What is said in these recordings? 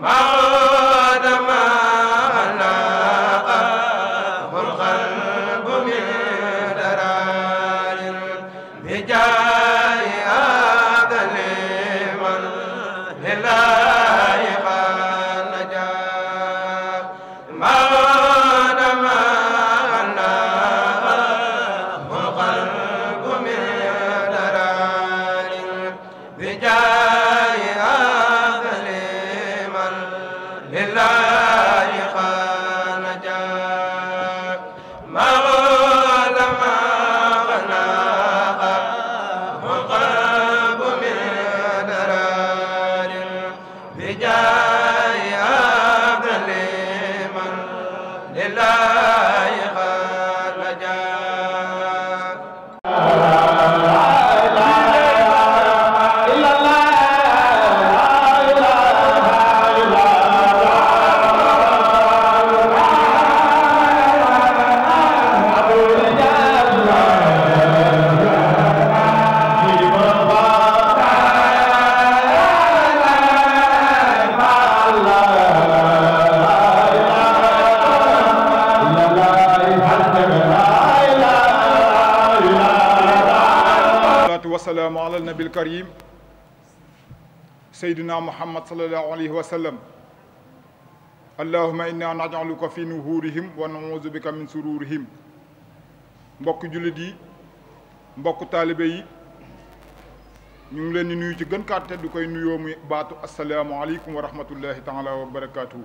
maa wasalaamu ala nabil karim saydina muhammad salallahu alayhi wa sallam allahuma inna najaluka fi nuhurihim wa naudu bika min sururihim mbokk jullit yi mbokk taalibe yi ñu ngi leen di nuyu ci gën kàtte du koy nuyoo mu baatu asalaamu aleykum wa rahmatullahi taala wa barakaatuhu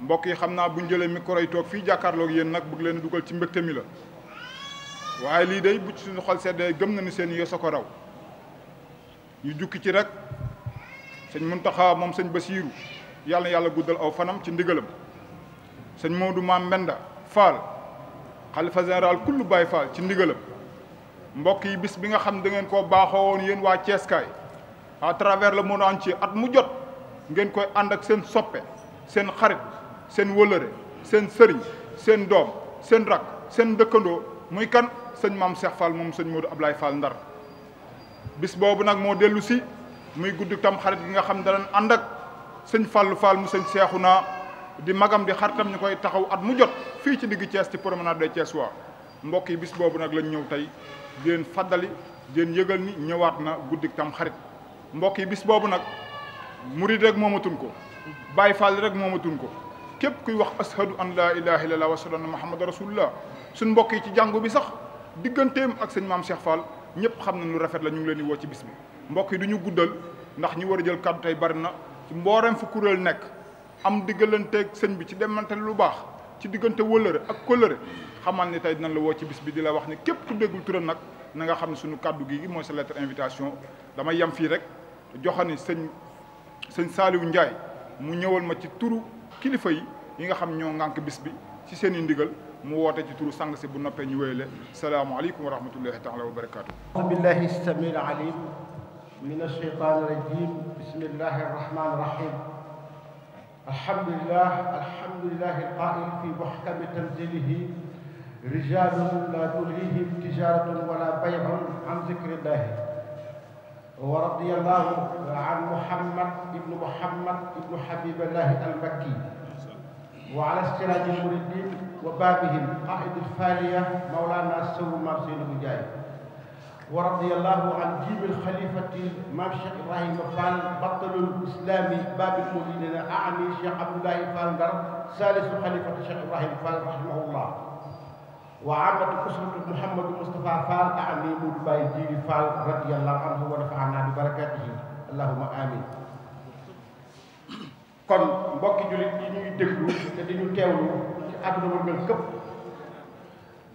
mbokk xam naa bu ñu jëlee micro yi toog fii jàkkaarloog yéen nag bëgg leen dugal ci mbégte mi la waaye lii day bu ci suñu xol seddee gëm na nañu seen yoso ko raw ñu jukki ci rek sëñ Muntaxa moom sëñ Basiiru yàlla na yàlla guddal aw fanam ci ndigalam sëñ Moodu Maam Mbenda Fall xalifa général kullu Baay Fall ci ndigalam mbokk yi bis bi nga xam dangeen ngeen koo baaxoo woon yéen waa Ceeskaay à la le monde ci at mu jot ngeen koy ànd ak seen soppe seen xarit seen wëlëre seen sëriñ seen doom seen rak seen dëkkandoo muy kan sëñ maam Cheikh Fall moom sëñ Modou Ablaye Fall Ndar bis boobu nag moo dellu si muy gudd tam xarit gi nga xam ne danañ ànd ak sëñ Fallou Fall mu sëñ Cheikhouna di magam di xaritam ñu koy taxaw at mu jot fii ci diggu cees ci promenade des Thiès waa mbokk yi bis boobu nag lañ ñëw tey di fàddali di leen yëgal ni ñëwaat na guddi tam xarit mbokk yi bis boobu nag murid rek moomatun ko Baay Faal rek moomatun ko képp kuy wax ashadu an laa ilaaha illallaah wa ashadu anna muhammadan mbokk yi ci jàngu bi digganteem ak sëñ maam Cheikh Fall ñëpp xam nañ lu rafet la ñu ngi leen di woo ci bis bi. mbokk yi du ñu guddal ndax ñi war a jël kàddu tey bari na ci mbooreem fu kuréel nekk am diggalanteeg sëñ bi ci demante lu baax ci diggante wëllëre ak kóllëre xamal ni tey dinañ la woo ci bis bi di la wax ne képp ku déggul turam nag na nga xam ne suñu kàddu gi mooy sa lettre invitation damay yem fii rek ni sëñ sëñ Saliou Ndiaye mu ñëwal ma ci turu kilifa yi yi nga xam ñoo ngànk bis bi ci seen i ndigal mu woote ci turu sang si bu noppee ñu wéyale salaamualeykum wa rahmatullahi taala wa barakaatu. auzu billahi samiil alim min ashaytaan rajim bismillahi rahmaani rahim alhamdulillah alhamdulillahi alqaa'il fi muhkami tanzilihi rijalun la tulhihim tijaratun wala bay'un an zikrillahi ورضي الله عن محمد ابن محمد ابن حبيب الله المكي وعلى استراج المريدين wa baabihim qaaid alfaaliya mawlaana sow maam Seynabou Ndiaye wa radiyallahu an jibil xalifati maam Cheikh Ibrahima Fall battalul islami baabil muridina aami Cheikh Abdoulaye Fall Ndar saalisu xalifati Cheikh Ibrahima Fall rahimahullah wa amatu usratu Mouhamadou Moustapha Fall aami Modou Baye Djibi Fall radiyallahu anhu wa nafaana bi barakatihi allahuma amin kon mbokki jullit yi ñuy déglu te di ñu teewlu àdduna wërngal këpp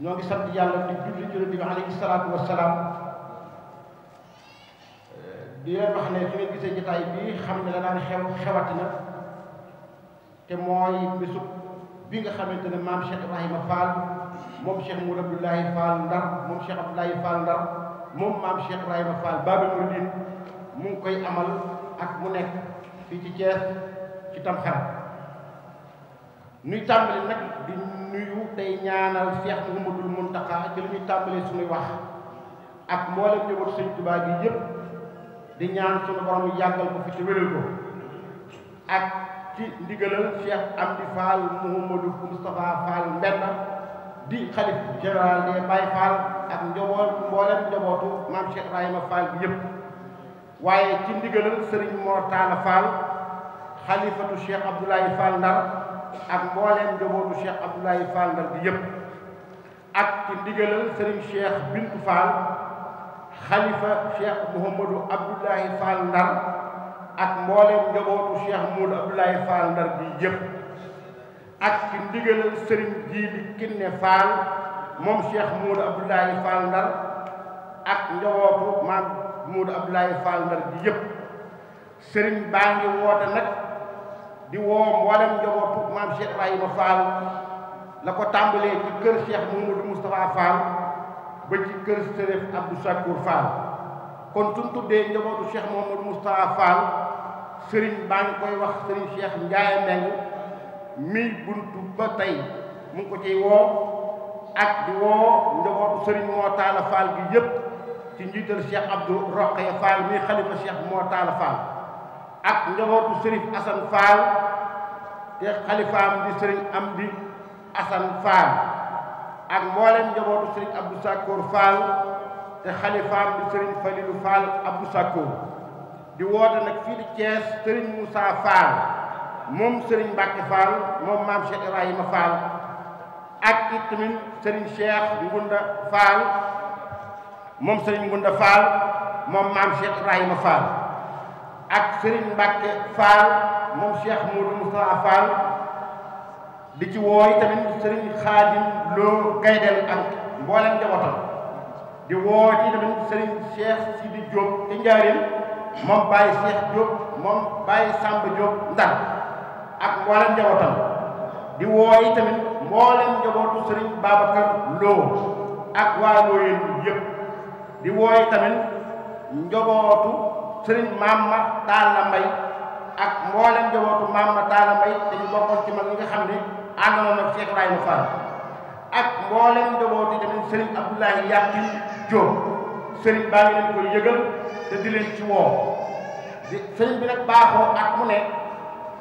ñoo ngi sant yàlla di julli julli bi alayhi salaatu wasalaam di leen wax ne su ngeen gisee jotaay bi xam ne la daan xew xewati na te mooy bésub bi nga xamante ne maam Cheikh Ibrahima Fall moom Cheikh Mour Abdoulaye Fall Ndar moom Cheikh Abdoulaye Fall Ndar moom maam Cheikh Ibrahima Fall Baabul Muridiin mu ngi koy amal ak mu nekk fii ci Thiès ci Tamxarit nuy tàmbali nag di nuyu tey ñaanal Cheikh Mouhamadoul Mountakha ci li ñuy tàmbali suñuy wax ak mboolem njabootu Sëñ Tuubaa gi yëpp di ñaan suñu borom yàggal ko fi ci wéral ko ak ci ndigalal Cheikh Amdi Fall Mouhamadou Moustapha Fall Mbenn di xalif général des Baye Fall ak njaboot mboolem njabootu maam Cheikh Ibrahima Fall bi yëpp waaye ci ndigalal Serigne Mortala Fall xalifatu Cheikh Abdoulaye Fall Ndar ak mbooleem njabootu Cheikh Abdoulaye Fall Ndar bi yépp ak ci ndigalal Serigne Cheikh Bintu Fall xalifa Cheikh Mouhamadou Abdoulaye Fall Ndar ak mbooleem njabootu Cheikh Moudou Abdoulaye Fall Ndar bi yépp ak ci ndigalal Serigne Jiili Kinne Fall moom Cheikh Moudou Abdoulaye Fall Ndar ak njabootu maam Moudou Abdoulaye Fall Ndar bi yépp Serigne baa ngi woote nag di woo mboolem njabootu maam Cheikh Ibrahima Fall la ko tàmbalee ci kër Cheikh Mouhamadou Moustapha Fall ba ci kër Sërif Abdou Sakour Fall kon suñ tuddee njabootu Cheikh Mouhamadou Moustapha Fall Serigne baa ngi koy wax Serigne Cheikh Ndiaye Meng mi buntu ba tey mu ngi ko ciy woo ak di woo njabootu Serigne moo taala Fall gi yëpp ci njiital Cheikh Abdou Roqe Fall mi xalifa Cheikh moo taala Fall ak njabootu sëriñ Assane Fall te xalifaam di sëriñ Amdi Assane Fall ak mboolem njabootu sëriñ Abdou Sakkour Fall te xalifaam di sëriñ Falilou Fall Abdou di woote nag fii di Thiès sëriñ Moussa Fall moom sëriñ Mbacke Fall moom maam Cheikh Ibrahima Fall ak it tamit sëriñ Cheikh Ngunda Fall moom sëriñ Ngunda Fall moom maam Cheikh Ibrahima Fall. ak Serigne Mbacke Fall moom Cheikh Modou Moustapha Fall di ci wooy tamit Serigne Khadim Lo Gaydel ak mboolem njabootam di woo ci tamit Serigne Cheikh Sidi Diop ci Njaaréem moom Baye Cheikh Diop moom Baye di wooy tamit mboolem njabootu Serigne Babacar Lo ak waa Looyeen yëpp di wooy tamit njabootu. sëriñ maam ma Talla Mbaye ak mboolem njabootu maam ma Talla Mbaye dañu bokkoon ci mag ñi nga xam ne àndoon na Cheikh Ibrahima Fall ak mboolem njabootu tamit sëriñ Abdoulahi Yacine Diop sëriñ baa ngi leen koy yëgal te di ci woo di sëriñ bi nag baaxoo ak mu ne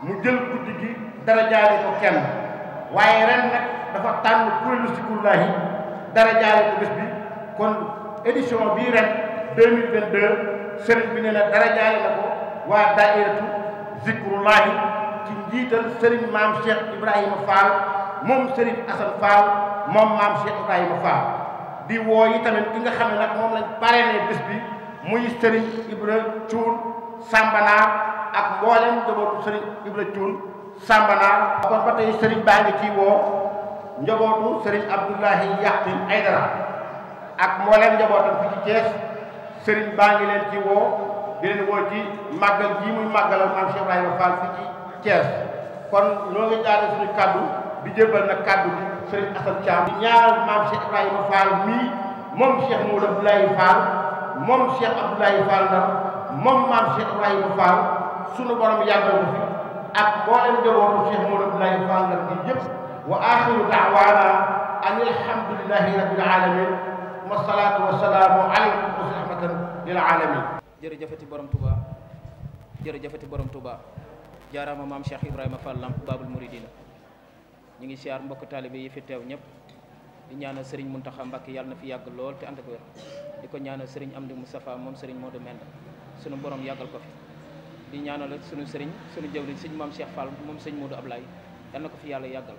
mu jël guddi gi dara jaale ko waaye ren nag dafa tànn kuréelu Zikrullahi dara jaale ko bés bi kon édition bii ren 2022 sëriñ bi nee na darajaale na ko waa daairatu zikrullahi ci njiital sëriñ maam Cheikh Ibrahima Fall moom sëriñ Assane Fall moom maam Cheikh Ibrahima Fall di woo yi tamit ki nga xam ne nag moom lañ parrainé bés bi muy sëriñ Ibra Thioune Sambanaar ak mboolem njabootu sëriñ Ibra Thioune Sambanaar kon ba tey sëriñ baa ngi ciy woo njabootu sëriñ Abdoulahi Yaqin Aydara ak mboolem njabootam fi ci Thiès sëriñ maa ngi leen ci woo di leen woo ci màggal jii muy màggalal maam Cheikh Ibrahima Fall fi ci Thiès kon ñoo ngi jaaree kaddu di jébbal nag kaddu bi sëriñ Assane Thiam ñaaral maam Cheikh Ibrahima Fall mii moom Cheikh Moudou Abdoulaye Fall moom Cheikh Abdoulaye Fall la moom maam Cheikh Ibrahima Fall sunu borom yàggal ko fi ak mboolem njabootu Cheikh Moudou Abdoulaye Fall la bi yëpp wa axiru daawaana an alhamdulillahi rabbil alamin wa salaatu wa salaamu alaykum lil alamin jërëjëfati borom Touba jërëjëfati borom Touba jaaraama maam Cheikh Ibrahima Fall Lamp Babul Mouridina ñu ngi siyaar mbokk taalibe yi fi teew ñëpp di ñaanal mun Mountakha Mbacké yàlla na fi yàgg lool te ànd ak di ko ñaanal Serigne Amdi Moustapha moom Serigne Modou Menda sunu borom yàggal ko fi di ñaanal sunu Serigne sunu jëwriñ sëñ maam Cheikh Fall moom sëñ Modou Ablaye yàlla na ko fi yàlla yàggal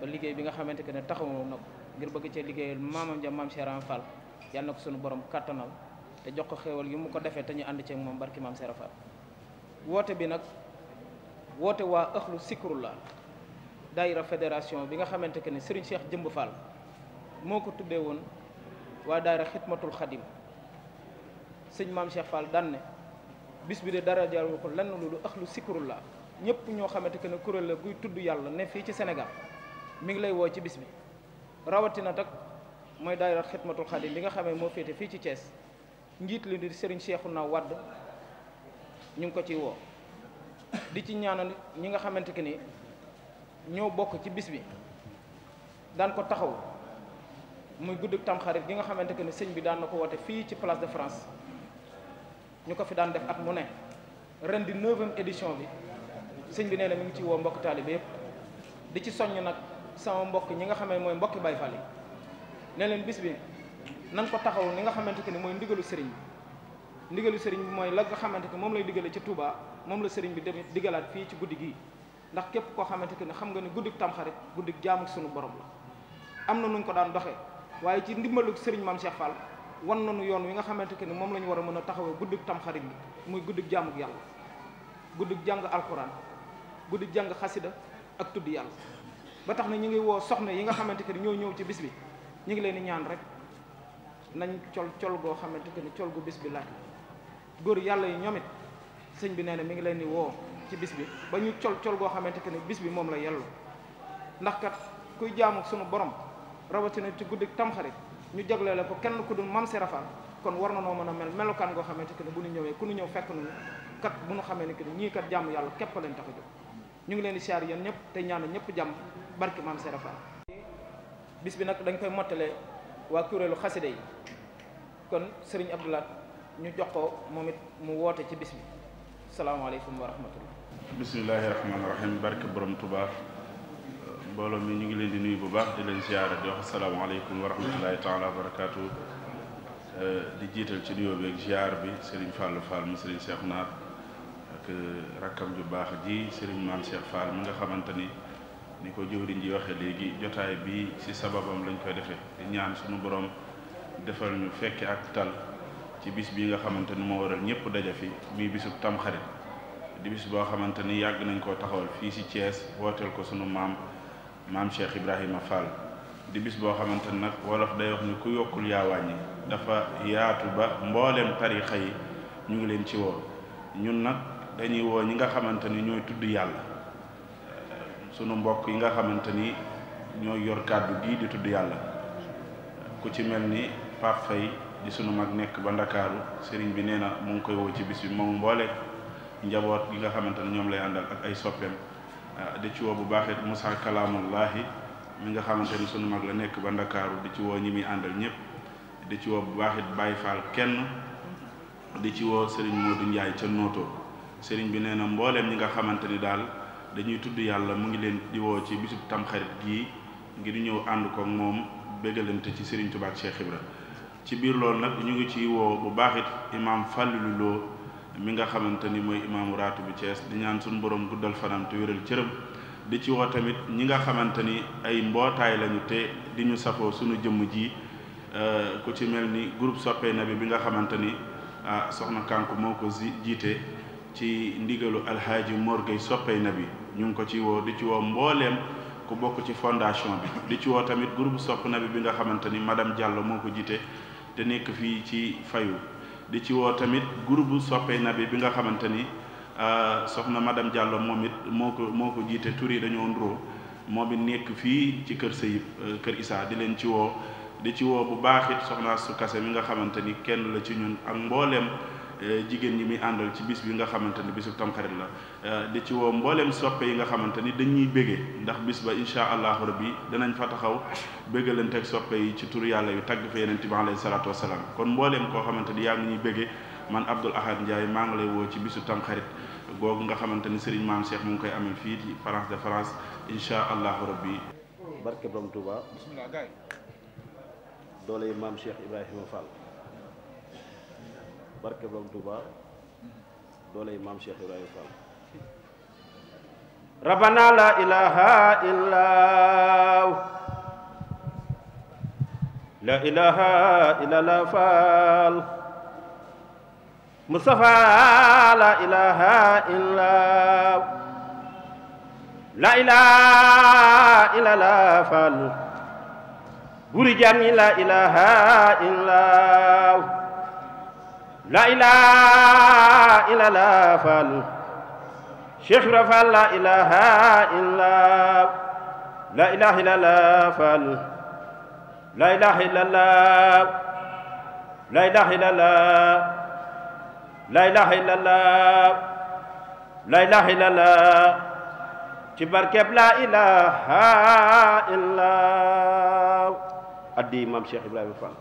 ba liggéey bi nga xamante ne taxawu na ko ngir bëgg cee liggéeyal maamam ja maam na ko sunu borom kattanal te jox ko xéewal yi mu ko defee te ñu ànd ceeg moom barki maam Serafal woote bi nag woote waa ëxlu sikrullah daayira fédération bi nga xamante que ne Serigne Cheikh Jëmb Fall moo ko tuddee woon waa daayira xitmatul xadim sëñ maam Cheikh Fall daan bis bi de dara jaru ko lenn loolu ëxlu sikrullah ñëpp ñoo xamante que ne kuréel la guy tudd yàlla ne fii ci senegal mu ngi lay woo ci bis bi rawatina nag mooy daayira xidmatul xadim bi nga xamee moo féete fii ci Thiès. njiit li di Serigne Cheikhouna Wade ñu ngi ko ciy woo di ci ñaanal ñi nga xamante ki ni ñoo bokk ci bis bi daan ko taxaw muy guddug tamxarit gi nga xamante ki ni sëñ bi daan na ko woote fii ci place de France ñu ko fi daan def at mu ne ren di neuvième édition bi sëñ bi nee na mu ngi ci woo mbokk taalibe yëpp di ci soññ nag sama mbokk ñi nga xam mooy mbokki Baay Faal yi ne leen bis bi nan ko taxaw ni nga xamante ni mooy ndigalu sëriñ bi ndigalu sëriñ bi mooy la nga xamante ni moom lay digalee ca Touba moom la sëriñ bi dem digalaat fii ci guddi gii ndax képp koo xamante ni xam nga ni guddi tamxarit guddik jàmm sunu borom la am na nu ñu ko daan doxee waaye ci ndimbalug sëriñ maam Cheikh Fall wan nañu yoon wi nga xamante ni moom la ñu war a mën a taxawee guddik tamxarit bi muy guddik jaamuk yàlla guddi jàng alxuraan guddi jàng xasida ak tudd ba tax na ñu ngi woo soxna yi nga xamante ni ñoo ñëw ci bis bi ñu ngi leen di ñaan rek nañ col col goo xamante ne col gu bis bi laaj la góor yàlla yi ñoom it sëñ bi nee na mi ngi leen di woo ci bis bi ba ñu col col goo xamante ne bis bi moom la yellu ndax kat kuy jaamu sunu borom rawatina ci guddi tamxarit ñu jagleele ko kenn ku dul mam si rafal kon war na noo mën a mel melokaan goo xamante ne bu nu ñëwee ku nu ñëw fekk nañu kat bu ñu xamee ne que ñii kat jàmm yàlla képp leen tax ñu ngi leen di siyaar yéen ñëpp te ñaan ñëpp jàmm barki mam si rafal waa kuréelu xasida yi kon sëriñ Abdoulaat ñu jox ko moom it mu woote ci bis bi salaamaaleykum wa rahmatullah bismillaahi rahmaani rahiim barke borom Tuubaa mbooloo mi ñu ngi leen di nuyu bu baax di leen ziyaara di wax asalaamaaleykum wa rahmatullahi taala wa barakaatu di jiital ci nuyoo beeg ziyaar bi sëriñ Fallou Fall mu sëriñ Cheikh Naar ak rakkam ju baax ji sëriñ Maam Cheikh Fall mi nga xamante ni ni ko jëwriñ ji waxe léegi jotaay bi ci sababam lañ koy defee di ñaan suñu borom defal ñu fekke ak tal ci bis bi nga xamante ni moo waral ñëpp daja fi muy bisub tamxarit di bis boo xamante ni yàgg nañ koo taxawal fii ci cees wooteel ko sunu maam maam Cheikh Ibrahima Fall di bis boo xamante ni nag wolof day wax ni ku yokkul yaa wàññi dafa yaatu ba mbooleem tarixa yi ñu ngi leen ci woo ñun nag dañuy woo ñi nga xamante ni ñooy tudd yàlla sunu mbokk yi nga xamante ni ñoo yor kàddu gii di tudd yàlla ku ci mel ni Pape Faye di sunu mag nekk ba ndakaaru sëriñ bi nee na mu ngi koy woo ci bis bi moom mboole njaboot gi nga xamante ne ñoom lay àndal ak ay soppeem ah, di ci woo bu baaxee Moussa Kalaamullahi mi nga xamante sunu mag la nekk ba ndakaaru di ci woo ñi muy àndal ñëpp di ci woo bu baax it Baye kenn di ci woo Serigne di njaay ca Noto sëriñ bi nee na mbooleem ñi nga xamante ni daal dañuy tudd yàlla mu ngi leen di woo ci bisub tamxarit gii ngir ñëw ànd ko moom béggalante ci Serigne Touba ak Cheikh ci biir loolu nag ñu ngi ciy woo bu baax it imaam Fallou Lo mi nga xamante ni mooy imaamu raatu bu Thiès di ñaan suñu borom guddal fanam te wéral cërëm di ci woo tamit ñi nga xamante ni ay mbootaay lañu te di ñu safoo suñu jëmm ji euh, ku ci mel ni groupe soppee na bi bi nga xamante ni ah, soxna kànk moo ko jiite ci ndigalu alxaaji Mor Gueye soppee na bi ñu ngi ko ci woo di ci woo mbooleem ku bokk ci fondation bi di ci woo tamit groupe sopp nabi bi nga xamante ni madame Diallo moo ko jiite te nekk fii ci fayu di ci woo tamit groupe soppe nabi bi nga xamante ni euh, soxna madame Diallo moom it moo ko moo ko jiite tur yi dañoo ndroo moom it nekk fii ci kër Sayib euh, kër Issa di leen ci woo di ci woo bu baax it soxna su kase mi nga xamante ni kenn la ci ñun ak mbooleem Eh, jigéen ñi muy àndal ci bis bi nga xamante ni bisu tamxarit la eh, di ci woo mbooleem soppe yi nga xamante ni dañuy bége ndax bis ba incha allahu rabbi danañ fa taxaw béggalante ak soppe yi ci tur yàlla yu tàgg fa yeneen bi alayhi salaatu wasalaam kon mbooleem koo xamante ni yaa ngi ñuy bége man Abdoul Ahad Ndiaye maa ngi lay woo ci bisu tamxarit googu nga xamante ni Serigne Maam Cheikh mu ngi koy amee fii ci France de France incha allahu rabbi barke Borom Touba doole yi Maam Cheikh barke borom Touba dooley maam Cheikh Ibrahima Fall rabbana la ilaha illa la ilaha illa la Fall Mustafa la ilaha illa la ilaha illa la Fall buri jàmm ñi la ilaha illa la ilaha illa la faalu cheikh Ibra Fall la ilaha illa la ilaha illa la faalu la ilaha illa la la ilaha illa la la ilaha illa la la ilaha illa la ci barkeb la ilaha illa addi maam cheikh Ibrahima Fall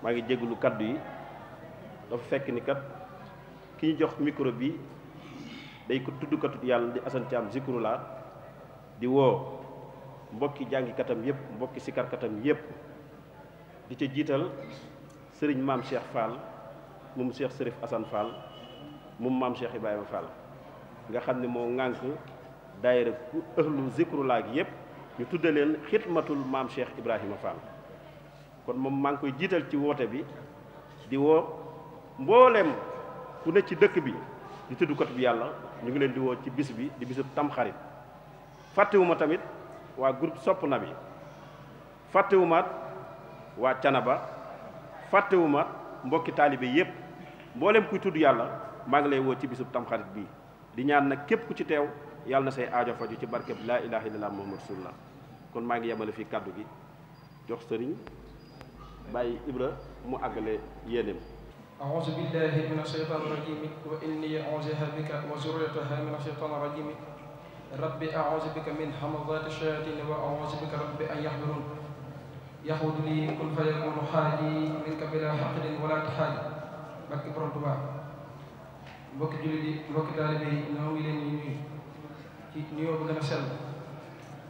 maa ngi jégalu kaddu yi dafa fekk ni kat ki ñu jox micro bi day ko tuddkatut yàlla di Assane Thiam Zikroulah di woo mbokki jàngikatam yépp mbokki sikarkatam yépp di ca jiital sëriñ maam Cheikh Fall moom Cheikh Sërif Assane Fall moom maam Cheikh Ibrahima Fall nga xam ni moo ŋànk daayira ku ëhlu Zikroulah gi yépp ñu tudde leen matul maam Cheikh Ibrahima Fall kon moom maa ngi koy jiital ci woote bi di woo mbooleem ku ne ci dëkk bi di tudd kotub yàlla ñu ngi leen di woo ci bis bi di bisub tamxarit fàttewuma tamit waa groupe sopp na bi fàttewumaat waa canaba fàttewumaat mbokki taalibe yépp mbooleem kuy tudd yàlla maa ngi lay woo ci bisub tamxarit bi di ñaan na képp ku ci teew yàlla na say aajo faju ci barkeb laa ilaha illallah muhammad rasulullah kon maa ngi yemale fii kàddu gi jox sëriñ bàyyi ibra mu àggale yéeneem أعوذ بالله من الشيطان الرجيم وإني أعوذها بك وزريتها من الشيطان الرجيم رب أعوذ بك من همزات الشياطين وأعوذ بك رب أن يحضرون يحوذ لي كن فيكون حالي منك بلا حقد ولا تحالي barke borom Tuubaa mbokki jullit yi mbokki taalibe yi ñoo ngi leen di nuyu ci nuyoo bu gën a sell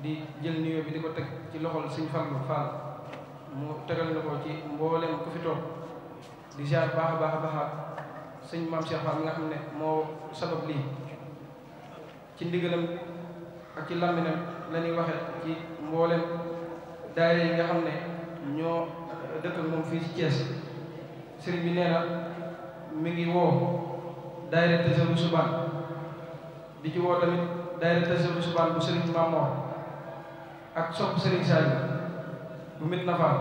di jël nuyoo bi di ko teg ci loxol Sëñ Fallu Fall mu tegal na ko ci mboolem ku fi toog di jaar baax a baax a baaxaat sëñ maam Cheikh Fall mi nga xam ne moo sabab lii ci ndigalam ak ci làmminam la ñuy waxe ci mboolem daayira yi nga xam ne ñoo dëkk moom fii ci Thiès sëriñ bi nee na mi ngi woo daayira Tasawou Soubane di ci woo tamit daayira Tasawou Soubane bu sëriñ Mamor ak sopp sëriñ Saliou bu mit nafaal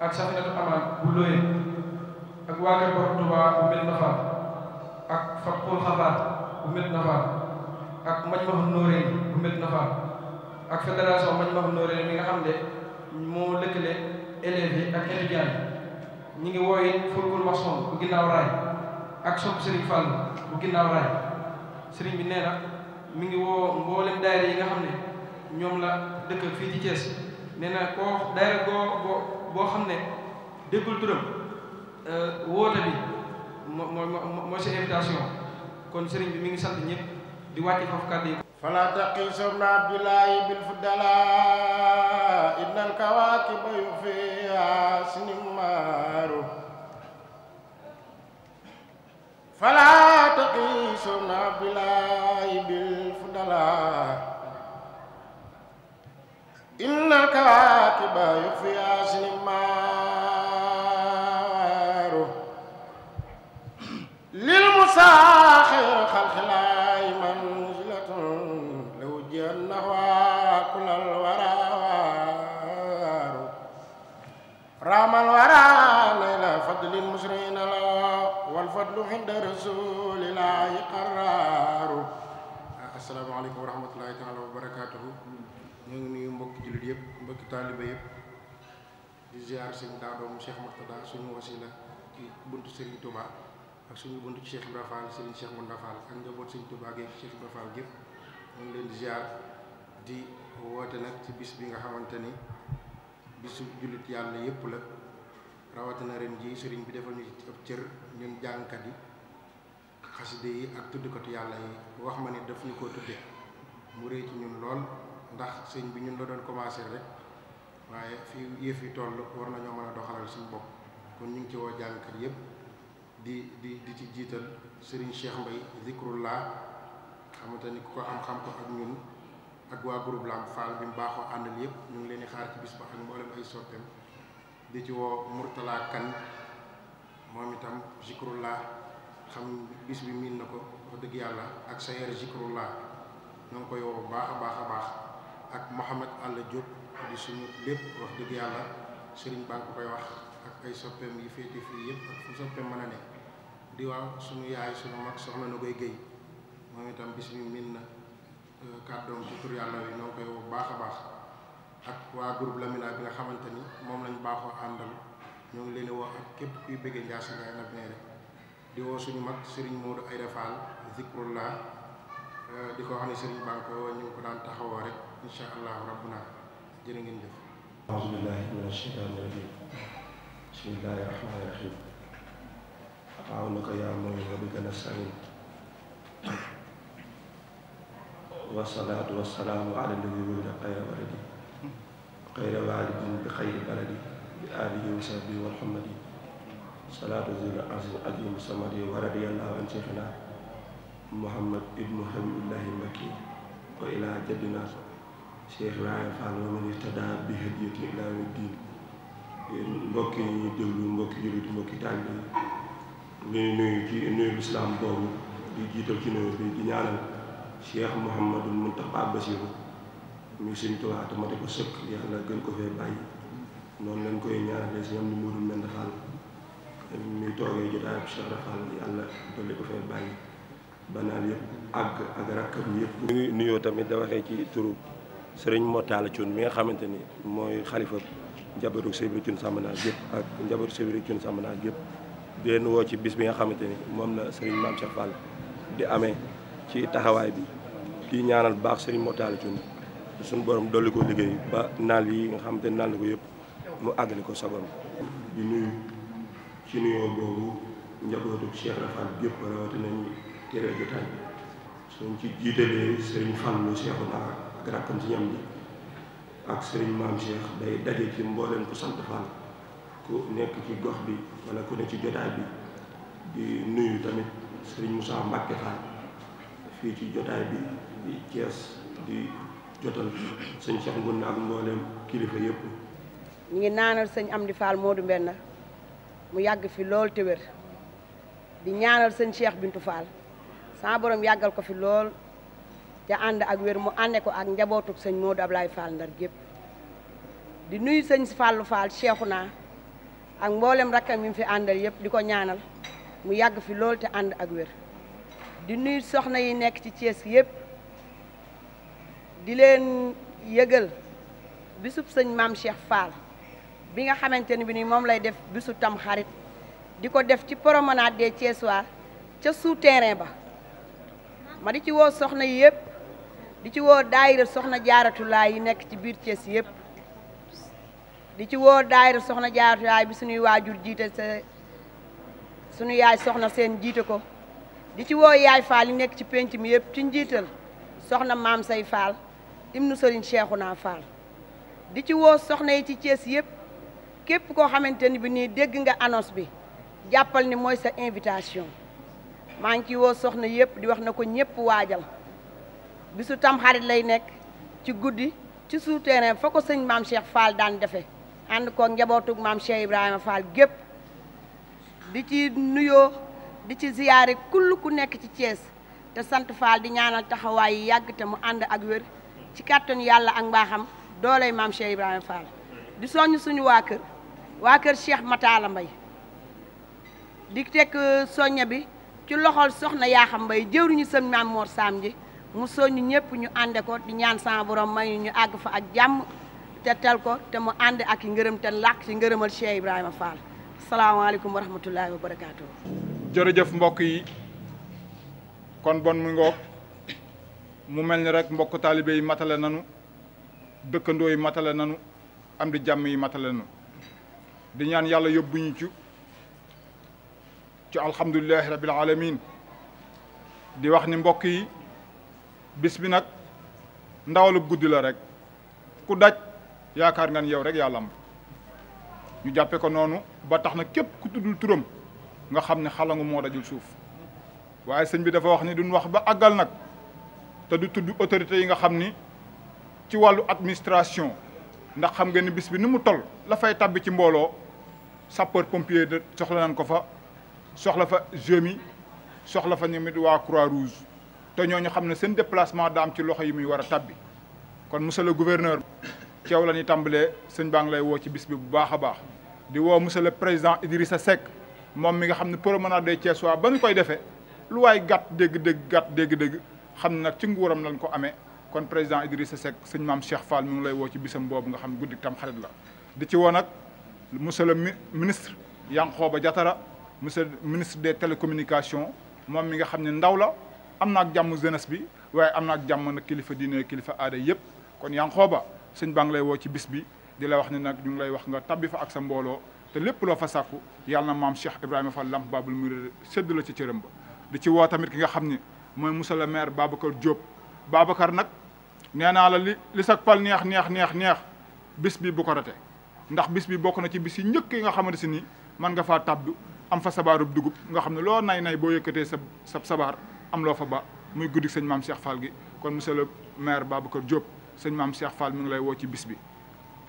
ak safinatu amaan bu looyee ak waa kër borom Tuubaa bu mel na faat ak Fatxul Xabaar bu mel na faat ak Majmahun Nooreeni bu mel na faat ak fédération Majmahun Nooreeni mi nga xam ne moo lëkkale élèves yi ak étudiants yi ñu ngi wooyee Fulkul Masoon bu ginnaaw raay ak sopp Serigne Fall bu ginnaaw raay Serigne bi nee na mi ngi woo mboolem daayira yi nga xam ne ñoom la dëkk fii ci Thiès nee na koo daayira boo boo boo xam ne déggul turam. Euh, woote bi moo moo abdullahi bil fuddala innal kawaakiba yufiha sinimaaru fala taqi somna abdullahi bil fuddala الورى ليلى فضل المسرين لا والفضل عند رسول الله قرار asalaamaaleykum wa rahmatulahi taala wa barakaatuhu ngi nuyu mbokki jullit yëpp mbokki taaliba yëpp di ziar sëñ daadoom Cheikh Mourtada suñu wasila ci buntu Serigne Touba ak suñu buntu ci Cheikh Ibra Fall Serigne Cheikh Mounda Fall ak njaboot sëñ Touba geeg Cheikh Ibra Fall gépp ñu ngi leen di ziar di woote nag ci bis bi nga xamante ni bisu jullit yàlla yëpp la rawatina ren ji sëriñ bi defal ñu ci ab cër ñun jàngkat yi xaside yi ak tuddkatu yàlla yi wax ma ne daf ñu ko tudde mu rëy ci ñun lool ndax sëñ bi ñun la doon commencé rek waaye fii yëf yi toll war nañoo mën a doxalal suñu bopp kon ñu ngi ci woo jàngkat yëpp di di di ci jiital sëriñ Cheikh Mbay laa xamante ni ku ko am xam ko ak ñun ak waa groupe Lamp Fall bi mu baaxoo àndal yëpp ñu ngi leen di xaar ci bis ba ak mboolem ay soppeem di ci woo Mourtala Kane moom itam zikrullah xam bis bi miin na ko wax dëgg yàlla ak sayer zikrullah ñoo ngi koy woo baax a baax a baax ak Mouhamed Alla Diop di suñu lépp wax dëgg yàlla sëriñ baa ngi koy wax ak ay soppeem yi féete fii yëpp ak fu soppeem mën a ne di suñu yaay suñu mag soxna na koy géy moom itam bis bi miin na euh, kàddoom ci tur yàlla wi ñoo koy woo baax a baax ak waa groupe Lamina bi nga xamante ni moom lañ baaxoo àndal ñoo ngi leen woo ak képp kuy bëggee Ndiassane Ndiaye nag nee rek di woo suñu mag Serigne Modou Aïda Fall zikrullah euh, di ko xam ne Serigne Banko ñu ngi ko daan taxawoo rek incha allahu rabbuna jërë ngeen jëf. aouzu billahi ko yaa xayra waalidin bi xayri baladi bi aalihi wa sahbihi wa alhamadi salaatu zil azim ajim samadi wa radiyallahu an cheikhina muhammad ibnu habibillahi makki wa ila jaddina cheikh Ibrahima Fall wa man ihtada bi hadiyati ila yawmi diin mbokki ñu mbokki jullit mbokki taalibe yi nuyu jiital ci nuyu bi di ñaanal cheikh Mouhamadul Muntaqa Basiru muy sëñ Tuubaa te ko sëkk yàlla gën ko fee bàyyi noonu lañ koy ñaanalee si ñoom ni muy toogee jotaay bu ko fee ak nuyoo tamit da ci turu sëriñ Motaala Cuun mi nga xamante ni mooy xalifa njabaru Sëriñ Cuun Samba yëpp ak njabaru Sëriñ Cuun Samba Naar yëpp di woo ci bis bi nga xamante ni moom la sëriñ Maam Cheikh Fall di amee ci taxawaay bi di ñaanal baax sëriñ Motaala Cuun suñu borom dolli ko liggéey ba naal yi nga xam te naal na ko yëpp mu àggali ko sagoon di nuyu ci nuyoo boobu njabootu Cheikh Rafal gépp rawatina ñu tere jotaay suñ ci jiitalee sëriñ Fallou Cheikhu Naar ak rakkam ci ñam bi ak sëriñ maam Cheikh day daje ci mbooleem ku sant Fall ku nekk ci gox bi wala ku ne ci jotaay bi di nuyu tamit sëriñ Moussa Mbacke Fall fii ci jotaay bi di Thiès di jotal sëñ Cheikh Ngounda ak mboolem kilifa yëpp. ñu ngi naanal sëñ Amdi Fall Modou Mbenda mu yàgg fi lool te wér di ñaanal sëñ Cheikh Bintu Fall sama borom yàggal ko fi lool te ànd ak wér mu ànde ko ak njabootuk sëñ Modou Ablaye Fall ndar gépp di nuyu sëñ Fallou Fall Cheikhou naa ak mboolem rakkam yi mu fi àndal yëpp di ko ñaanal mu yàgg fi lool te ànd ak wér di nuyu soxna yi nekk ci Thiès yëpp. di leen yëgal bisub sëñ maam Cheikh Fall bi nga xamante ni bi ni moom lay def bisu tam xarit di ko def ci promenade des Thiessois ca souterrain ba ma di ci woo soxna yëpp di ci woo daayira soxna jaaratulaa yi nekk ci biir Thiès yëpp di ci woo daayira soxna jaaratulaay bi suñuy waajur jiite sa suñu yaay soxna seen jiite ko di ci woo yaay faal yi nekk ci pénc mi yëpp ci njiital soxna maam say faal ibnu Serigne naa Fall di ci woo soxna yi ci Thiès yëpp képp koo xamante ni bi nii dégg nga annonce bi jàppal ni mooy sa invitation maa ngi ci woo soxna yëpp di wax na ko ñëpp waajal bisu tamxarit lay nekk ci guddi ci souterrain fa ko sëñ maam Cheikh Fall daan defe ànd koo njabootug maam Cheikh Ibrahima Fall gépp di ci nuyoo di ci ziyaare kull ku nekk ci Thiès te sant Fall di ñaanal taxawaay yi yàgg te mu ànd ak wér ci kàttanu yàlla ak mbaaxam dooley maam Cheikh Ibrahima Fall di soññ suñu waa kër waa kër Cheikh mataala Mbay di teg soñña bi ci loxol soxna Yaaxam Mbay jëwriñu sën maam Mor Saam ji mu soññ ñëpp ñu ànde ko di ñaan sama borom mayu ñu àgg fa ak jàmm te tel ko te mu ànd ak i ngërëm te làkk ci ngërëmal Cheikh Ibrahima Fall salaamaaleykum wa rahmatullahi wa barakaatu. jërëjëf mbokk yi kon bon mu ngoog mu mel ni rek mbokk taalibe yi matale nanu dëkkandoo yi matale nanu am di jàmm yi matale nanu di ñaan yàlla yóbbuñu ci ci alhamdulilahi rabbil alamin di wax ni mbokk yi bis bi nag ndawalub guddi la rek ku daj yaakaar nga ni yow rek yaa lamb ñu jàppe ko noonu ba tax na képp ku tuddul turam nga xam ne xalangu moo dajul suuf waaye sëñ bi dafa wax ni duñ wax ba àggal nag te du tudd autorités yi nga xam ni ci wàllu administration ndax xam nga ni bis bi ni mu toll la fay tàbbi ci mbooloo sapeur pompier de soxla nañ ko fa soxla fa GMI soxla fa ñoom it waa croix rouge te ñu xam ne seen déplacement daa am ci loxo yi muy war a tàbbi kon monsieur le gouverneur ceew la ñuy tàmbalee seen baang lay woo ci bis bi bu baax a baax di woo monsieur le président Idrissa Seck moom mi nga xam ne promenade des Thiessois ba ñu koy defee lu waay gàtt dégg-dégg gàtt dégg-dégg xam nag ci nguuram lañ ko amee kon président Idrissa Seck sëñ maam Cheikh Fall mi lay woo ci bisam boobu nga xam guddi tam xarit la di ci woo nag monsieur le ministre Yankhoba Diattara monsieur ministre de télécommunications moom mi nga xam ne ndaw la am naag jàmm jeunesse bi waaye am naag jàmm nag kilifa dine kilifa aada yëpp kon Yankhoba sëñ baa ngi lay woo ci bis bi di la wax ne nag ñu ngi lay wax nga tàbbi fa ak sa mbooloo te lépp loo fa sàkku yàlla na maam Cheikh Ibrahima Fall Lamp Babul Mouride sédd la ci cërëm ba ci woo tamit ki nga xam ni mooy monsieur le maire Babacar Diop Babacar nag nee naa la li li sag pal neex neex neex neex bis bi bu ko rate ndax bis bi bokk na ci bis yi njëkk yi nga xamante si nii man nga faa tàbb am fa sabaarub dugub nga xam ne loo nay nay boo yëkkatee sa sa sabaar am loo fa ba muy guddik sëñ maam Cheikh Fall gi kon monsieur le maire Babacar Diop sëñ maam Cheikh Fall mi ngi lay woo ci bis bi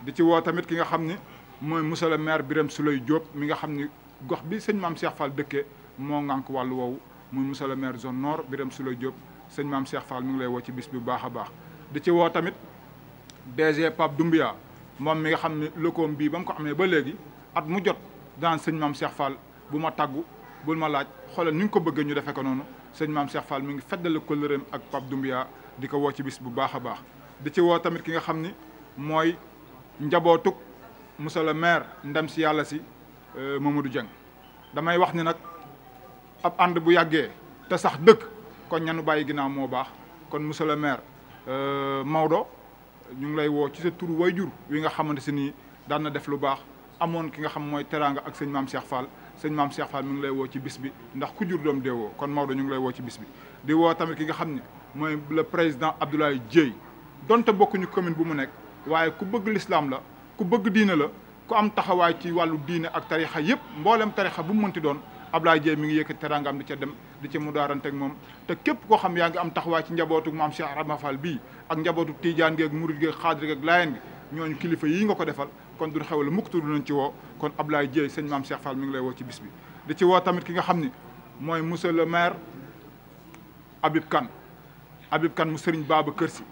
di ci woo tamit ki nga xam ni mooy monsieur le maire Birame Souleye Diop mi nga xam ni gox bi sëñ maam Cheikh Fall dëkkee moo ngànk wàllu woowu muy monsieur le maire zone nord Birame Souleye Diop sëñ maam Cheikh Fall mi ngi lay woo ci bis bi bu baax a baax di ci woo tamit DG Pape Doumbia moom mi nga xam ne lëkkoom bii ba mu ko amee ba léegi at mu jot daan sëñ maam Cheikh Fall bu ma tàggu bul ma laaj xoole ni nga ko bëggee ñu defee ko noonu sëñ maam Cheikh Fall mu ngi feddale kóllëreem ak Pape Doumbia di ko woo ci bis bu baax baax di ci woo tamit ki nga xam ni mooy njabootug monsieur le maire ndem si yàlla si euh, Mamadou Dieng damay ab ànd bu yàggee te sax dëkk kon ñanu bàyyi ginnaaw moo baax kon monsieur le maire euh, Maodo ñu ngi lay woo ci sa turu wayjur wi nga xamante si nii daan na def lu baax amoon ki nga xam mooy teraanga ak sëñ maam Cheikh Fall sëñ maam Cheikh Fall mi ngi lay woo ci bis bi ndax ku jur doom deewoo kon Maodo ñu ngi lay woo ci bis bi di woo tamit ki nga xam ne mooy le président Abdoulaye Dieye donte bokkuñu commune bu mu nekk waaye ku bëgg l'islam la ku bëgg diine la ku am taxawaay ci wàllu diine ak tarixa yépp mboolem tarixa bu mu mënti doon Ablaye Dieye mi ngi yëkkati teraangaam di ca dem di ca mu daarante moom te képp koo xam yaa ngi am taxawaay ci njabootu maam Cheikh Ibra Fall bii ak njabootu Tidiane geeg Mouride geeg Xaadir geeg Laayeen gi ñooñu kilifa yi nga ko defal kon du xew la mukk tudd nañ ci woo kon Ablaye Dieye sëñ maam Cheikh Fall mi ngi lay woo ci bis bi di ci woo tamit ki nga xam ni mooy monsieur le maire Habib kan Habib kan mu sëriñ Baaba Kër Si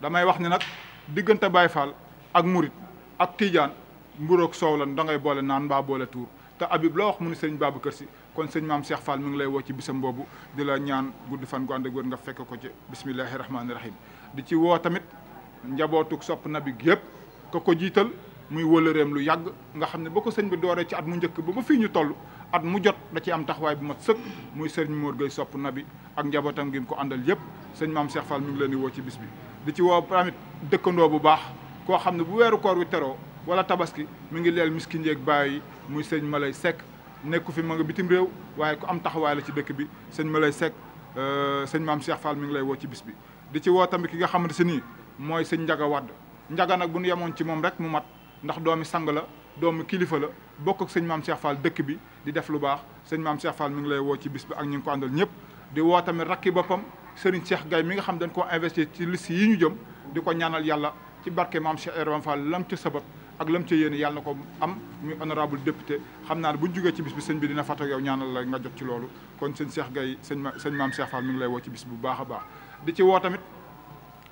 damay wax ni nag diggante Baye Fall ak Mouride ak Tidiane mburoog soow lan da ngay boole naan mbaa boole tuur te Habib loo wax mu ni sëriñ Baaba Kër Si kon sëñ maam Cheikh Fall mu ngi lay woo ci bisam boobu di la ñaan gudd fan gu ànd ak wér nga fekk ko ci bismillahi rahmaani rahim di ci woo tamit njabootuk sopp nabi yëpp ko ko jiital muy wëlëreem lu yàgg nga xam ne ba ko sëñ bi dooree ci at mu njëkk ba ba fii ñu toll at mu jot da ci am taxawaay bu mat sëkk muy sëñ Mor Gueye sopp nabi ak njabootam gi ko àndal yëpp sëñ maam Cheikh Fall mi ngi leen di woo ci bis bi di ci woo tamit dëkkandoo bu baax koo xam ne bu weeru koor wi teroo wala tabaski mu ngi leel miskin yeeg bàyyi muy sëñ ma lay Seck nekku fi ma nga bitim réew waaye ku am taxawaay la ci dëkk bi sëñ ma lay sekk euh, sëñ maam Cheikh Fall mi ngi lay woo ci bis bi di ci woo tamit ki nga xamante se nii mooy sëñ njaga njaga nag bu yemoon ci moom rek mu mat ndax doomi sang la doomi kilifa la bokk ak sëñ maam Cheikh dëkk bi di def lu baax sëñ maam Cheikh Fall mi ngi lay woo ci bis bi ak ñu ngi ko àndal ñëpp di woo tamit rakki boppam sëriñ Cheikh gay mi nga xam dañ koo investir ci liste yi ñu jëm di ko ñaanal yàlla ci barke maam Cheikh Ibrahima Fall lam ca sabab ak lam ca yéene yàlla na ko am muy honorable député xam naa ne buñ jógee ci bis bi sëñ bi dina fàtte ak yow ñaanal la nga jot ci loolu kon sëñ Cheikh Gaye sëñ ma sëñ maam Cheikh Fall lay woo ci bis bu baax a baax di ci woo tamit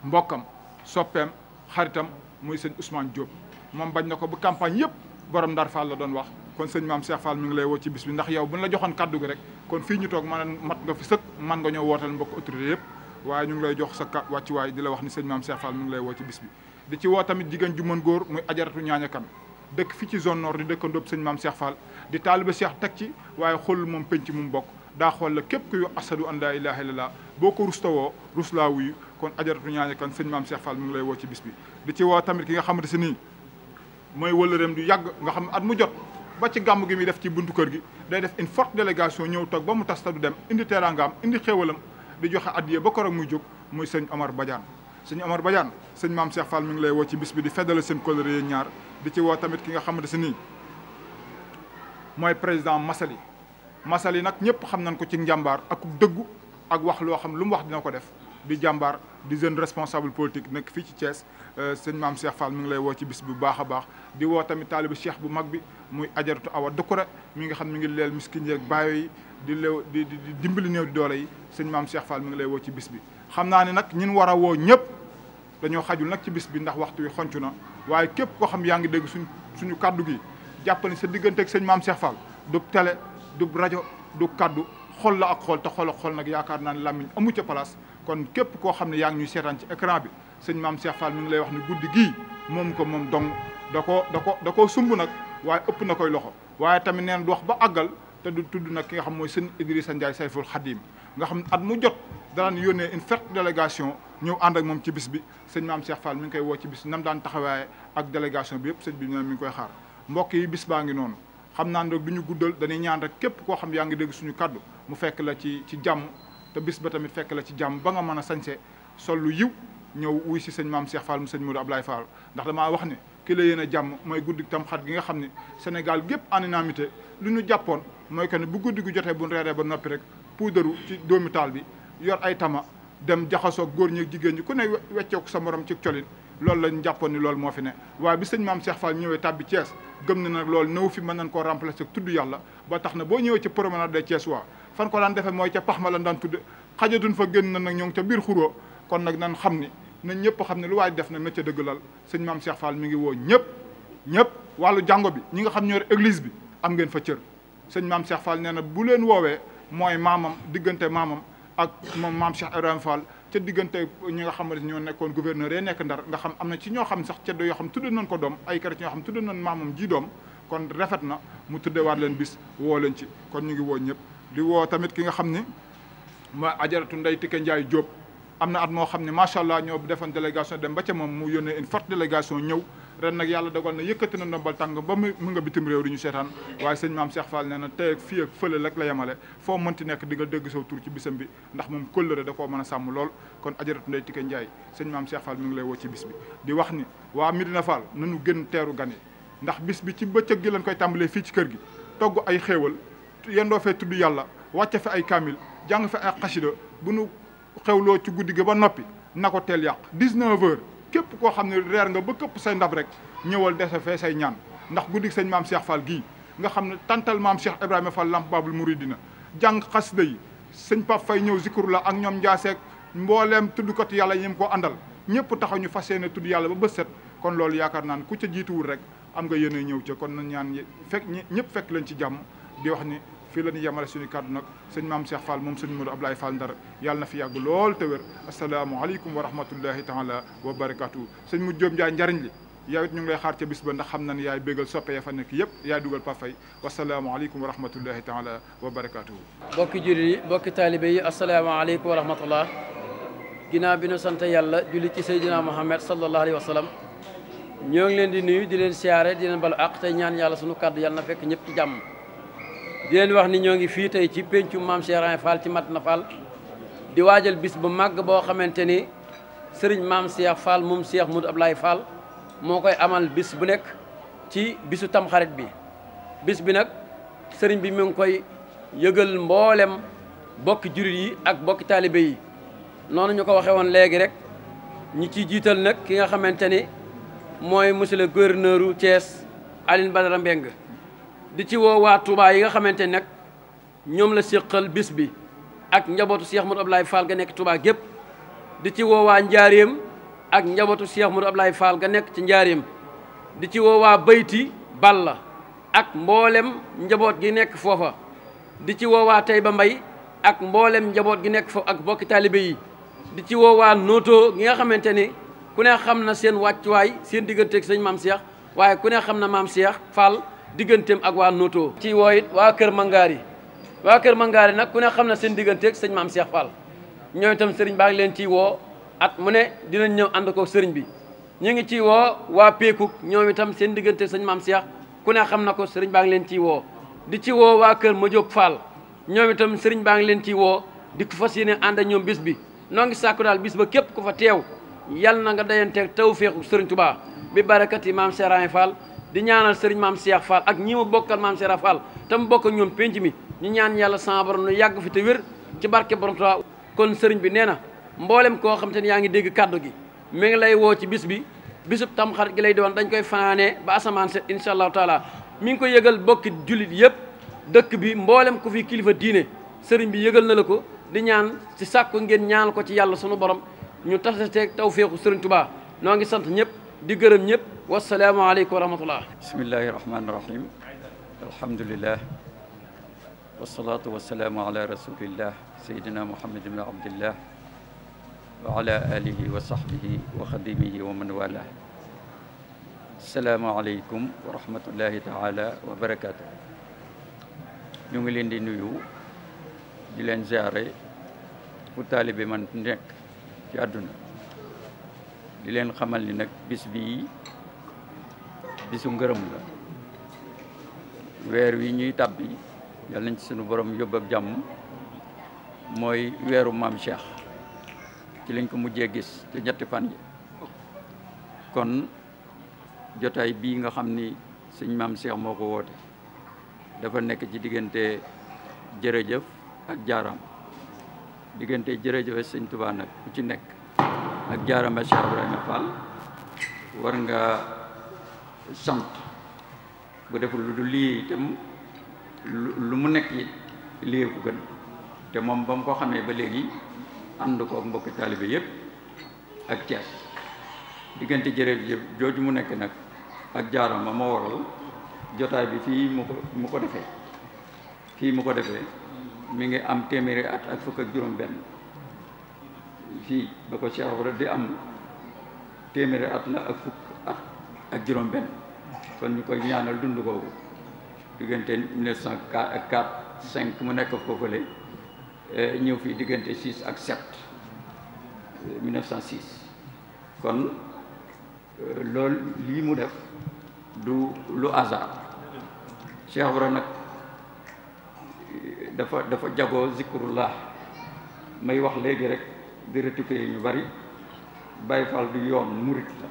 mbokkam soppeem xaritam muy sëñ Ousmane Diop moom bañ na ko bu campagne yëpp borom Ndar Fall la doon wax kon sëñ maam Cheikh Fall mi ngi lay woo ci bis bi ndax yow buñ la joxoon kaddu gi rek kon fii ñu toog man mat nga fi sëkk man nga ñëw wootal mbokk autorité yëpp waaye ñu ngi lay jox sa wàccuwaay di la wax ni sëñ maam Cheikh Fall lay woo ci bis di ci woo tamit jigéen ju mën góor muy ajaratu ñaaña kan dëkk fi ci zone nord di dëkkandoo sëñ maam Cheikh Fall di taaliba Cheikh teg ci waaye xool moom penc mu mbokk daa xool la képp kuy asadu an laa ilaaha illallaah boo ko rustawoo ruslaa wuyu kon ajaratu ñaaña kan sëñ maam Cheikh Fall mu ngi lay woo ci bis bi di ci woo tamit ki nga xamante si nii mooy wëllëreem du yàgg nga xam at mu jot ba ci gàmm gi muy def ci buntu kër gi day def une forte délégation ñëw toog ba mu tas ta du dem indi teraangaam indi xéewalam di joxe addiye ba koroog muy jóg muy sëñ Omar Badiane sëñ Omar sëñ maam Cheikh Fall mu ngi lay woo ci bis bi di feddale seen kóllëre yéen ñaar di ci woo tamit ki nga xamante si nii mooy président Massaly Massaly nag ñëpp xam nañ ko ci njàmbaar ak dëggu ak wax loo xam lu mu wax dina ko def di jàmbaar di jeune responsable politique nekk fii ci Thiès euh, sëñ maam Cheikh Fall mi ngi lay woo ci bis bu baax a baax di woo tamit taalibu cheikh bu mag bi muy ajaratu awa dëkkure mi nga xam mi ngi leel miskin yeeg baayo yi di leew di dimbali néew doole sëñ maam Cheikh Fall mi ngi lay woo ci bis bi xam naa ne nag ñun war a woo ñëpp dañoo xajul nag ci bis bi ndax waxtu wi xoncu na waaye képp koo xam yaa ngi dégg suñ suñu kaddu gi jàppale sa digganteeg ak sëñ maam Cheikh Fall du télé du rajo du kàddu xool la ak xol te xol ak xol nag yaakaar naa ne làmmiñ amu ca place kon képp koo xam ne yaa ngi ñuy seetaan ci ecran bi sëñ maam Cheikh Fall mi ngi lay wax ni guddi gii moom ko moom dong da ko da ko da koo sumb nag waaye ëpp na koy loxo waaye tamit nee na du ba àggal te du tudd nag ki nga xam mooy sëñ Idrissa Ndiaye Sayful Xadim nga xam at mu jot daan yónnee une forte délégation ñëw ànd ak moom ci bis bi sëñ maam Cheikh Fall mi ngi koy woo ci bis nam daan taxawaaye ak délégation yëpp sëñ bi ñoom mi ngi koy xaar mbokk yi bis baa ngi noonu xam naa rek du ñu guddal dañuy ñaan rek képp koo xam yaa ngi dégg suñu kaddu mu fekk la ci ci jàmm te bis ba tamit fekk la ci jàmm ba nga mën a sañse sol lu yiw ñëw wuy si sëñ maam Cheikh Fall mu sëñ Modou Ablaye ndax damaa wax ne ki la yéen jàmm mooy guddi tam xat gi nga xam ne Sénégal gépp en lu ñu jàppoon mooy que ne bu guddi gu jotee bu reeree ba noppi rek puudaru ci doomi taal bi yor ay tama dem jaxasoo góor ñi jigéen ñi ku ne wecceeku sa morom ci colin loolu lañ jàppoon ni loolu moo fi ne waaye bi sëñ maam Cheikh Fall ñëwee tàbbi Thiès gëm na nag loolu nëw fi mën nañ koo remplacer tudd yàlla ba tax na boo ñëwee ci promenade de Thiès waa fan ko mooy ca pax ma daan tudd xajatuñ fa génn na nag ñoo ca biir xuróo kon nag nan xam ni nañ ñëpp xam ne lu waay def na métier dëgg lal sëñ maam Cheikh Fall mi ngi woo ñëpp ñëpp wàllu jàngo bi ñi nga xam ñoo église bi am ngeen fa cër sëñ maam Cheikh Fall nee na bu leen woowee mooy maamam diggante maamam ak moom maam Cheikh Ibrahima Fall diggante ñi nga xamante ñoo nekkoon gouverneur yee nekk ndar nga xam am na ci ñoo xam sax ceddo yoo xam tudde nañ ko doom ay chrétien yoo xam tudde nañ maamam ji doom kon rafet na mu tuddewaat leen bis woo leen ci kon ñu ngi woo ñëpp di woo tamit ki nga xam ni ma ajaratu Ndeye Tické Ndiaye Diop am na at moo xam ne macha allah ñoo defoon délégation dem ba ca moom mu yónnee une forte délégation ñëw ren nag yàlla dogal na yëkkati na ndombal tàng ba mu nga bitim réew di ñu seetaan waaye sëñ maam Cheikh Fall nee na tey ak fii ak fële rek la yemale foo mënti nekk di nga dégg saw tur ci bisam bi ndax moom kóllëre da koo mën a sàmm lool kon ajaratu Ndeye Tické Ndiaye sëñ maam Cheikh Fall mi ngi lay woo ci bis bi di wax ni waa Medina Fall nañu gën teeru gan yi ndax bis bi ci bëccëg gi lañ koy tàmbalee fii ci kër gi togg ay xéewal yendoo fee tudd yàlla wàcce fa ay kaamil jàng fa ay bu nu xewloo ci guddi gi ba noppi na ko teel yàq 19 heures képp koo xam ne reer nga ba këpp say ndab rek ñëwal dese fee say ñaan ndax guddi sañ maam Cheikh Fall gii nga xam ne tantal maam Cheikh Ibrahima Fall lamp babul dina jàng xas yi sëñ Pape fay ñëw zikur la ak ñoom njaaseeg mbooleem tuddkat yàlla ñi ko àndal ñëpp taxaw ñu fas yéene tudd yàlla ba bës set kon loolu yaakaar naan ku ca jiituwul rek am nga yéene ñëw ca kon na ñaan fekk ñëpp fekk leen ci jàmm di wax ni fii la ñu suñu kàddu nag sëñ maam Cheikh Fall moom sëñ Modou Ablaye Fall Ndar yàlla na fi yàgg lool te wér asalaamualeykum wa rahmatullahi taala wa barakaatu sëñ mu Jóob Njaay njariñ li yow it ñu ngi lay xaar ca bis ba ndax xam na ne yaay bégal soppe ya fa nekk yëpp yaay dugal pafay wasalaamualeykum wa rahmatullahi taala wa barakaatu. mbokki jullit yi taalibe yi asalaamaaleykum wa rahmatullah ginnaaw bi nu sant yàlla julli ci Seydina di wax ni ñoo ngi fii tey ci péncu maam Cheikh Ibra Fall ci Madina Fall di waajal bis bu màgg boo xamante ni sëriñ maam Cheikh Fall moom Cheikh Modou Ablaye Fall moo koy amal bis bu nekk ci bisu tamxarit bi bis bi nag sëriñ bi mu ngi koy yëgal mboolem bokki jurit yi ak bokki taalibe yi noonu ñu ko waxee woon léegi rek ñi ciy jiital nag ki nga xamante ni mooy monsieur le gouverneur u Thiès Aline Badara Mbengue di ci woo waa yi nga xamante ne nag ñoom la séqal bis bi ak njabootu Cheikh Modou Abdoulaye Fall ga nekk Touba gépp di ci woowaa waa Njaaréem ak njabootu Cheikh ab Abdoulaye Fall ga nekk ci Njaaréem di ci woo waa Bayti la ak mboolem njaboot gi nekk foofa di ci woo waa ba mbay ak mboolem njaboot gi nekk foofa ak bokki taalibe yi di ci woo waa Noto gi nga xamante ni ku ne xam na seen wàccuwaay seen digganteeg sëñ maam Cheikh waaye ku ne xam na maam Cheikh Fall digganteem ak waa Noto. ci woo it waa Kër Mangaari waa Kër Mangaari nag ku ne xam na seen digganteeg sëñ maam Cheikh Fall ñoom itam sëriñ baa ngi leen ci woo at mu ne dinañ ñëw ànd ko sëriñ bi ñu ngi ciy woo waa Peekuk ñoom seen digganteeg sëñ maam Cheikh ku ne xam na ko sëriñ baa ngi leen ciy woo di ci woo waa Kër Madiop Fall ñoom itam sëriñ baa ngi leen ciy woo di ko fas yéene ànd ak ñoom bis bi noo ngi sàkku daal bis ba képp ku fa teew yal na nga dayanteeg tawféexu sëriñ Tuubaa bi barakati maam Cheikh Fall di ñaanal sëriñ maam Cheikh Fall ak ñi mu bokkal maam Cheikh Fall te mu bokk ñoom penc mi ñu ñaan yàlla sama borom nu yàgg fi te wér ci barke borom Tuubaa kon sëriñ bi nee na mboolem koo xam te ne yaa ngi dégg kàddu gi mi ngi lay woo ci bis bi bisub tamxarit gi lay doon dañ koy fanaanee ba asamaan set incha allahu taala mi ngi ko yëgal bokki jullit yëpp dëkk bi mboolem ku fi kilifa diine sëriñ bi yëgal na la ko di ñaan ci sàkku ngeen ñaan ko ci yàlla sunu borom ñu tasateeg taw féexu sëriñ Tuubaa noo ngi sant ñëpp di gërëm ñëpp والسلام عليكم ورحمة الله بسم الله الرحمن الرحيم الحمد لله والصلاة والسلام على رسول الله سيدنا محمد بن عبد الله وعلى آله وصحبه وخديمه ومن والاه السلام عليكم ورحمة الله تعالى وبركاته ñu ngi leen di nuyu di leen ziare ku taalibe man nekk ci àdduna di leen xamal ni nag bis bii su ngërëm la weer wi ñuy tàbbi yal nañ ci sunu borom yóbbu ak jàmm mooy weeru maam Cheikh ci lañ ko mujjee gis te ñetti fan yi kon jotaay bii nga xam ni sëñ maam Cheikh moo ko woote dafa nekk ci diggante jërëjëf ak jaaraam diggante jërëjëf sëñ Tuubaa nag ku ci nekk ak jaaraam ak Cheikh Ibrahima Fall war nga sant bu deful lu dul lii itam lu mu nekk it lii ko gën te moom ba mu ko xamee ba léegi ànd ko ak mbokki taalibe yépp ak Cees diggante jërëjëf jooju mu nekk nag ak jaarama moo waral jotaay bi fii mu ko mu ko defee fii mu ko defee mi ngi am téeméeri at ak fukk ak juróom benn fii ba ko Cheikh Ibra di am téeméeri at la ak fukk ak juróom benn kon ñu koy ñaanal dund googu diggante 1904 ak 4 5 mu nekk foofale eh, ñëw fii diggante 6 ak 7 1906 eh, kon eh, lool lii mu def du lu hasard Cheikh Ibra nag dafa dafa jagoo zikrullah may wax léegi rek di rétupe ñu bari Baye Fall du yoon murit la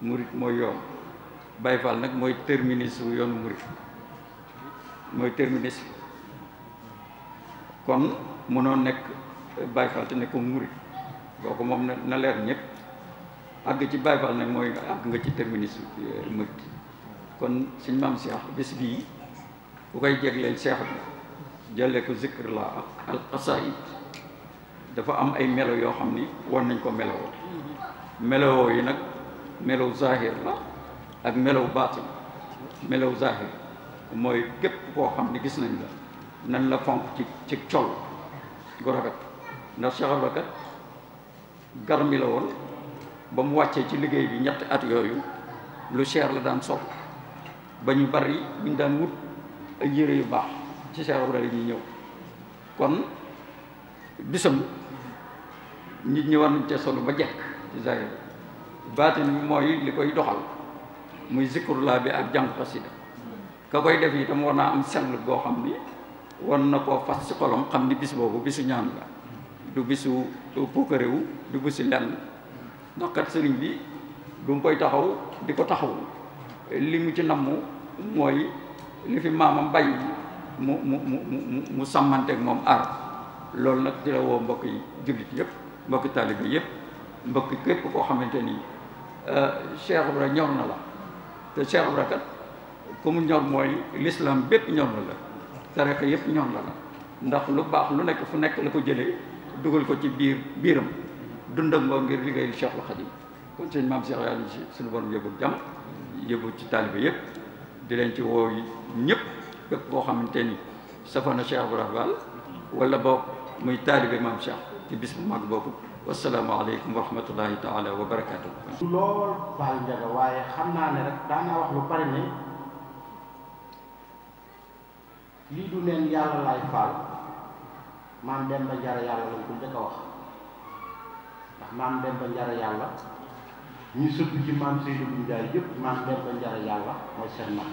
murit mooy yoon Baye Fall nag mooy terminus wu yoonu murid mooy terminus kon mënoo nekk Baye Fall te nekkoo murid kooku moom na leer ñépp àgg ci Baye Fall nag mooy àgg nga ci terminus euh, murid kon suñ maam Cheikh bés bii bu koy jegleel Cheikh bi jëlee ko zikr la al qasaid dafa am ay melo yoo xam ni war nañ ko melowoo mm-hmm. melo yi nag melow zahir la ak melaw baatin melow zahir mooy képp koo xam ne gis nañ la nan la fonk ci ci col gu rafet ndax Cheikh Ibra garmi la woon ba mu wàccee ci liggéey bi ñetti at yooyu lu cher la daan sol ba ñu bari ñu daan wut ak yére yu baax ci Cheikh Ibra ñuy ñëw kon bisam nit ñi war nañ cee solo ba jekk ci zahir baatin bi mooy li koy doxal muy laa bi ak jàng xasida ka koy def itam war naa am sell goo xam ni war na koo fas ci xolom xam ni bis boobu bisu ñaan la du bisu pokkarewu du bisu lenn ndax kat sëriñ bi du mu koy taxaw di ko taxaw li mu ci mu mooy li fi maamam bàyyi mu mu mu mu mu moom aar loolu nag di la woo mbokk yi jullit yëpp mbokki taalibe yëpp mbokki képp koo xamante ni euh, Cheikh Ibra ñor na la te Cheikh Ibra kat ku mu ñor mooy l'islam bépp ñor la tarixa yëpp ñor la la ndax lu baax lu nekk fu nekk la ko jëlee dugal ko ci biir biiram dundam ngoo ngir liggéeyal Cheikhul Khadim kon sëñ maam Cheikh yàlla ci suñu borom yóbbu jàmm yóbbu ci taalibe yëpp di leen ci woo ñëpp képp koo xamante ni safana Cheikh Ibra Fall wala boog muy taalibe maam Cheikh ci bis bu mag boobu wasalaamaaleykum wa rahmatullahi taala wa barakaatu. lool Baye Ndiaga waaye xam naa ne rek daanaa wax lu bari ni lii du neen yàlla laay faal maam Demba Njara yàlla lañ ko njëkk a wax ndax maam Demba Njara yàlla ñu yëpp maam Demba Njara yàlla mooy seen mag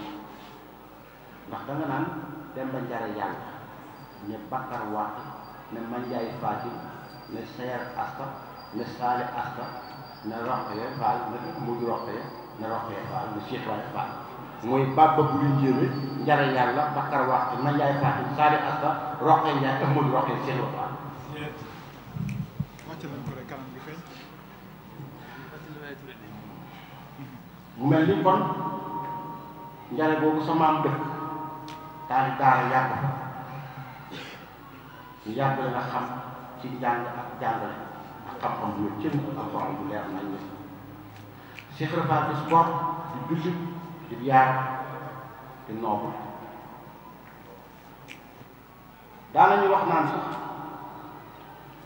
ndax da nga naan Demba Njara yàlla ne Bakar Waat ne Mandiaye Fatim. ne seer asta ne saali asta ne roqee faal faal mel ni kon njare boobu sa maam dëkk daal yàgg yàgg la xam ci jàng ak jàngale ak xam-xam bu cër alxuraan bu leer nañ la Cheikh Rafa di sport di jullit di yaar di noobu daanañu wax naan sax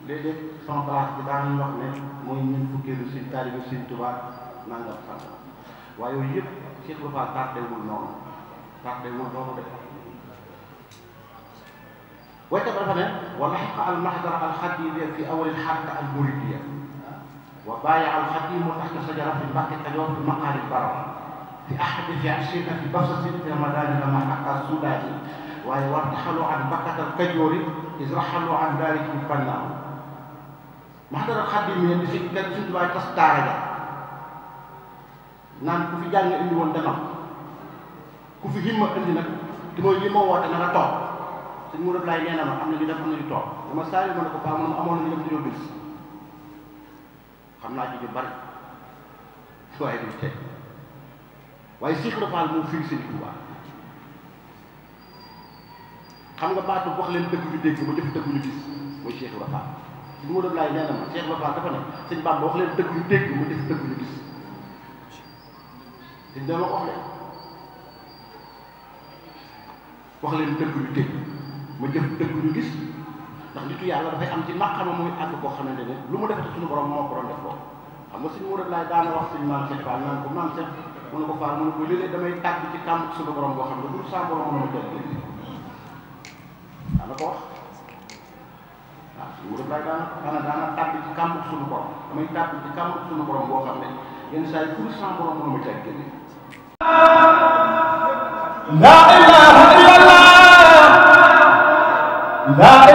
léeg-léeg sama place bi daanañu wax ne mooy ñun fukkeelu sëñ taalibe sëñ Tuubaa nangam sànq waaye yooyu yëpp Cheikh Rafa tardewul noonu tardewul noonu de ويتم رقم ولحق المحضر الخديوي في اول الحركه المريديه وبايع الخديم تحت شجره في باقي التجوف في مقهى البرع في احدث عشرين في بصره في رمضان لما حكى السوداني وارتحلوا عن بكة الكجوري اذ رحلوا عن ذلك بالبناء محضر الخديم من في كان في دواي تستارجا نان كو في جان اندي وون دما كو في هيما اندي نك تموي لي ما ووت نغا توك sëñ Mourou Ablaye nee na ma am na ñu def am na ñu toog dama saa yu ma ko faa ma amoon na ñu dem dañoo bis xam naa ci ñu bari waaye du tey waaye Cheikh Rafaal moom fii sëñ xam nga baatu wax leen dëgg ñu dégg ba jëf dëgg ñu gis mooy Cheikh Rafaal sëñ Mourou Ablaye nee na ma Cheikh Rafaal dafa ne sëñ Bamba wax leen dëgg ñu dégg ba jëf dëgg ñu gis sëñ dama wax leen wax dëgg ma jëf dëgg ñu gis ndax nitu yàlla dafay am ci maqama muy àgg koo xamante ne lu mu def ci suñu borom moo ko doon def loolu xam nga suñu wóorat laay daana wax suñu maam Cheikh Fall naan ko maam Cheikh mu ne ko Fall mu ne ko léeg-léeg damay tàgg ci kàmb suñu borom boo xam ne dul saa borom mën a def daana ko wax waaw suñu wóorat laay daana daana daana tàgg ci kàmb suñu borom damay tàgg ci kàmb suñu borom boo xam ne yenn saa yi dul saa borom mën a ma teg génne laa ilaaha la